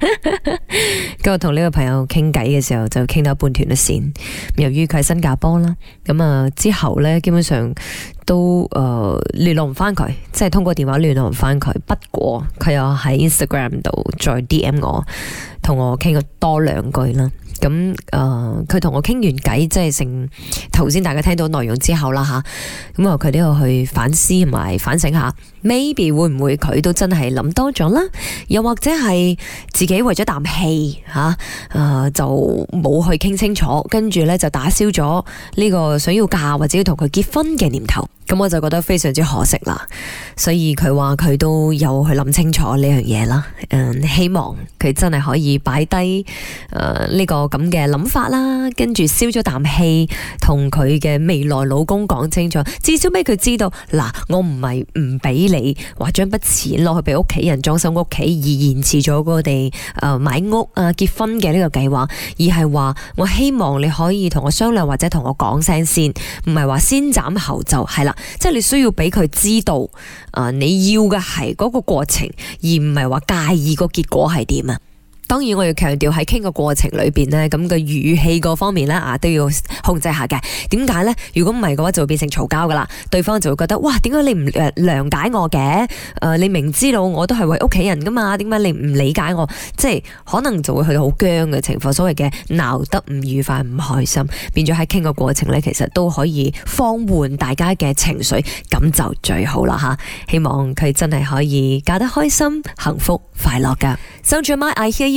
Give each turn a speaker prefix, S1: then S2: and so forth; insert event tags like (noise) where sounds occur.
S1: (laughs) 跟住同呢個朋友傾偈嘅時候，就傾到一半斷咗線。由於佢喺新加坡啦，咁啊之後呢，基本上都誒聯、呃、絡唔翻佢，即係通過電話聯絡唔翻佢。不過佢又喺 Instagram 度再 D M 我，同我傾過多兩句啦。咁誒，佢、呃、同我傾完偈，即係成頭先大家聽到內容之後啦吓，咁啊佢都要去反思同埋反省下。maybe 會唔會佢都真係諗多咗啦，又或者係自己為咗啖氣吓，誒就冇去傾清楚，跟住呢就打消咗呢個想要嫁或者要同佢結婚嘅念頭。咁我就覺得非常之可惜啦。所以佢話佢都有去諗清楚呢樣嘢啦。嗯，希望佢真係可以擺低呢個咁嘅諗法啦，跟住燒咗啖氣同佢嘅未來老公講清楚，至少俾佢知道，嗱，我唔係唔俾。你話將筆錢攞去俾屋企人裝修屋企，而延遲咗我哋誒買屋啊，結婚嘅呢個計劃，而係話我希望你可以同我商量或者同我講聲先，唔係話先斬後奏係啦，即係、就是、你需要俾佢知道啊，你要嘅係嗰個過程，而唔係話介意個結果係點啊。當然，我要強調喺傾嘅過程裏邊呢，咁嘅語氣各方面呢，啊，都要控制下嘅。點解呢？如果唔係嘅話，就會變成嘈交噶啦。對方就會覺得哇，點解你唔誒諒解我嘅？誒、呃，你明知道我都係為屋企人噶嘛，點解你唔理解我？即係可能就會去到好僵嘅情況。所謂嘅鬧得唔愉快、唔開心，變咗喺傾嘅過程呢，其實都可以放緩大家嘅情緒，咁就最好啦嚇。希望佢真係可以嫁得開心、幸福、快樂㗎。